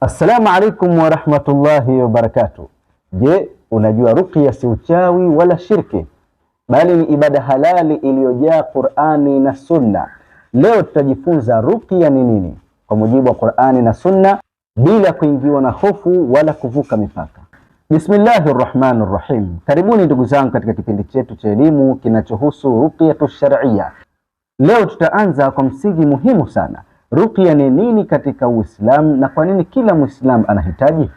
Assalamu alaikum warahmatullahi wabarakatu. Je, unajua ruqya si uchawi wala shirki, bali ni ibada halali iliyojaa Qur'ani na Sunna. Leo tutajifunza ruqya ni nini kwa mujibu wa Qur'ani na Sunna, bila kuingiwa na hofu wala kuvuka mipaka. bismillahi rahmani Rahim. Karibuni ndugu zangu katika kipindi chetu cha elimu kinachohusu ruqyatu shar'iyya. Leo tutaanza kwa msingi muhimu sana Ruqya ni nini katika Uislamu na kwa nini kila Muislamu anahitaji?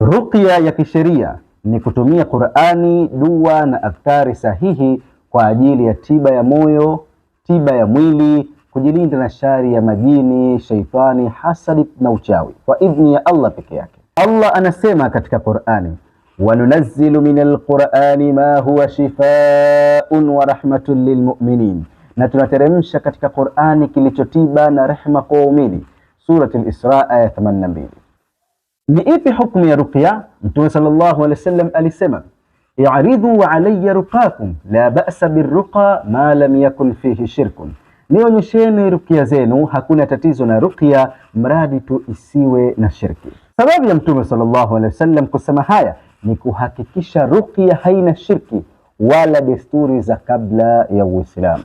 Ruqya ya kisheria ni kutumia Qur'ani, dua na adhkari sahihi kwa ajili ya tiba ya moyo, tiba ya mwili, kujilinda na shari ya majini, shaitani hasadi na uchawi kwa idhni ya Allah peke yake. Allah anasema katika Qur'ani, wanunazzilu min alqur'ani ma huwa shifaun wa rahmatun lilmuminin na tunateremsha katika Qur'ani kilichotiba na rehma kwa waumini, suratul Isra aya 82. Ni ipi hukumu ya ruqya? Mtume sallallahu alaihi wasallam alisema, iridhu alayya ruqakum la ba'sa birruqa ma lam yakun fihi shirkun, nionyesheni ruqya zenu, hakuna tatizo na ruqya mradi tu isiwe na shirki. Sababu ya Mtume sallallahu alaihi wasallam kusema haya ni kuhakikisha ruqya haina shirki wala desturi za kabla ya Uislamu.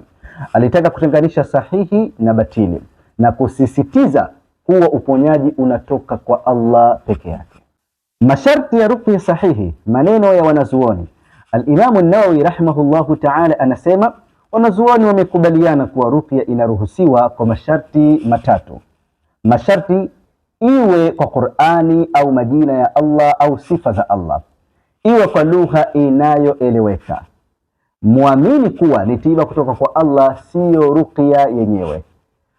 Alitaka kutenganisha sahihi na batili na kusisitiza kuwa uponyaji unatoka kwa Allah peke yake. Masharti ya rukni sahihi, maneno ya wanazuoni. al Nawawi rahimahullahu ta'ala anasema wanazuoni wamekubaliana kuwa rukya inaruhusiwa kwa masharti matatu. Masharti iwe kwa Qur'ani au majina ya Allah au sifa za Allah, iwe kwa lugha inayoeleweka muamini kuwa ni tiba kutoka kwa Allah, siyo ruqya yenyewe.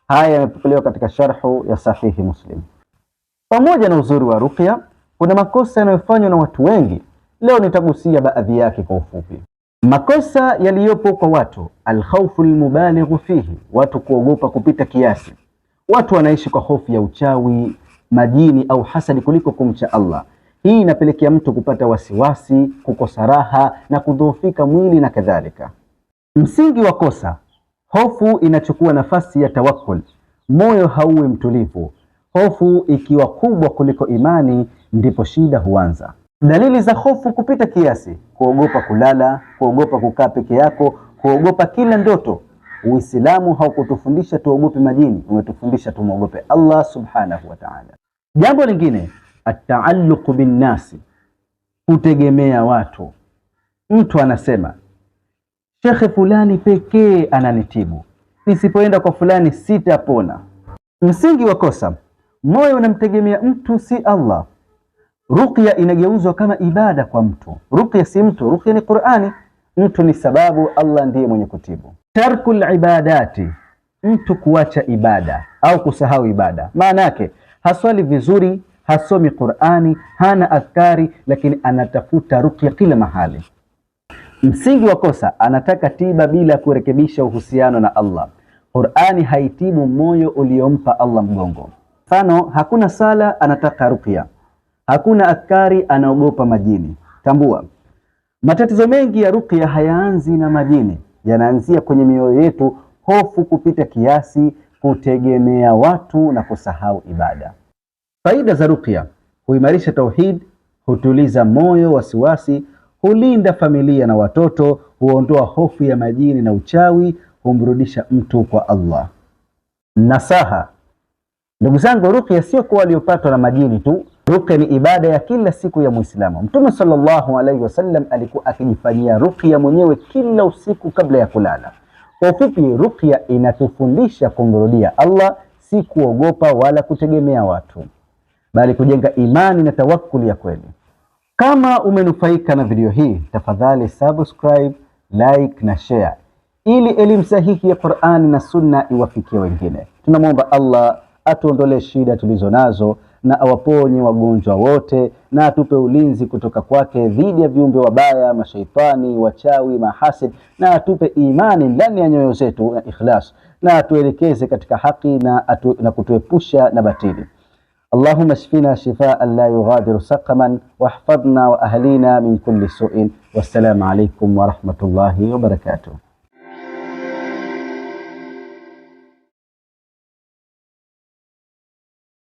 Haya yamepokelewa katika sharhu ya Sahihi Muslim. Pamoja na uzuri wa ruqya, kuna makosa yanayofanywa na watu wengi. Leo nitagusia baadhi yake kwa ufupi. Makosa yaliyopo kwa watu: alkhawfu almubalighu fihi, watu kuogopa kupita kiasi. Watu wanaishi kwa hofu ya uchawi, majini au hasadi kuliko kumcha Allah. Hii inapelekea mtu kupata wasiwasi, kukosa raha na kudhoofika mwili na kadhalika. Msingi wa kosa: hofu inachukua nafasi ya tawakkul, moyo hauwe mtulivu. Hofu ikiwa kubwa kuliko imani, ndipo shida huanza. Dalili za hofu kupita kiasi: kuogopa kulala, kuogopa kukaa peke yako, kuogopa kila ndoto. Uislamu haukutufundisha tuogope majini, umetufundisha tumwogope Allah subhanahu wa ta'ala. Jambo lingine ataalluqu binnasi, kutegemea watu. Mtu anasema shekhe fulani pekee ananitibu, nisipoenda kwa fulani sitapona. Msingi wa kosa, moyo unamtegemea mtu, si Allah. Ruqya inageuzwa kama ibada kwa mtu. Ruqya si mtu, ruqya ni Qur'ani. Mtu ni sababu, Allah ndiye mwenye kutibu. Tarkul ibadati, mtu kuacha ibada au kusahau ibada, maana yake haswali vizuri hasomi Qurani, hana adhkari, lakini anatafuta ruqya kila mahali. Msingi wa kosa, anataka tiba bila kurekebisha uhusiano na Allah. Qurani haitibu moyo uliompa Allah mgongo. Mfano, hakuna sala, anataka ruqya, hakuna adhkari, anaogopa majini. Tambua, matatizo mengi ya ruqya hayaanzi na majini, yanaanzia kwenye mioyo yetu, hofu kupita kiasi, kutegemea watu na kusahau ibada. Faida za ruqya: huimarisha tauhid, hutuliza moyo, wasiwasi, hulinda familia na watoto, huondoa hofu ya majini na uchawi, humrudisha mtu kwa Allah. Nasaha: ndugu zangu, ruqya sio kwa waliopatwa na majini tu. Ruqya ni ibada ya kila siku ya Muislamu. Mtume sallallahu alaihi wasallam alikuwa akijifanyia ruqya mwenyewe kila usiku kabla ya kulala. Kwa ufupi, ruqya inatufundisha kumrudia Allah, si kuogopa wala kutegemea watu bali kujenga imani na tawakkuli ya kweli. Kama umenufaika na video hii, tafadhali subscribe, like na share ili elimu sahihi ya Qur'ani na Sunna iwafikie wengine. Tunamwomba Allah atuondolee shida tulizo nazo na awaponye wagonjwa wote na atupe ulinzi kutoka kwake dhidi ya viumbe wabaya, mashaitani, wachawi, mahasid na atupe imani ndani ya nyoyo zetu na ikhlas na atuelekeze katika haki na, atu, na kutuepusha na batili. اللهم اشفنا شفاء لا يغادر سقما واحفظنا وأهلينا من كل سوء والسلام عليكم ورحمة الله وبركاته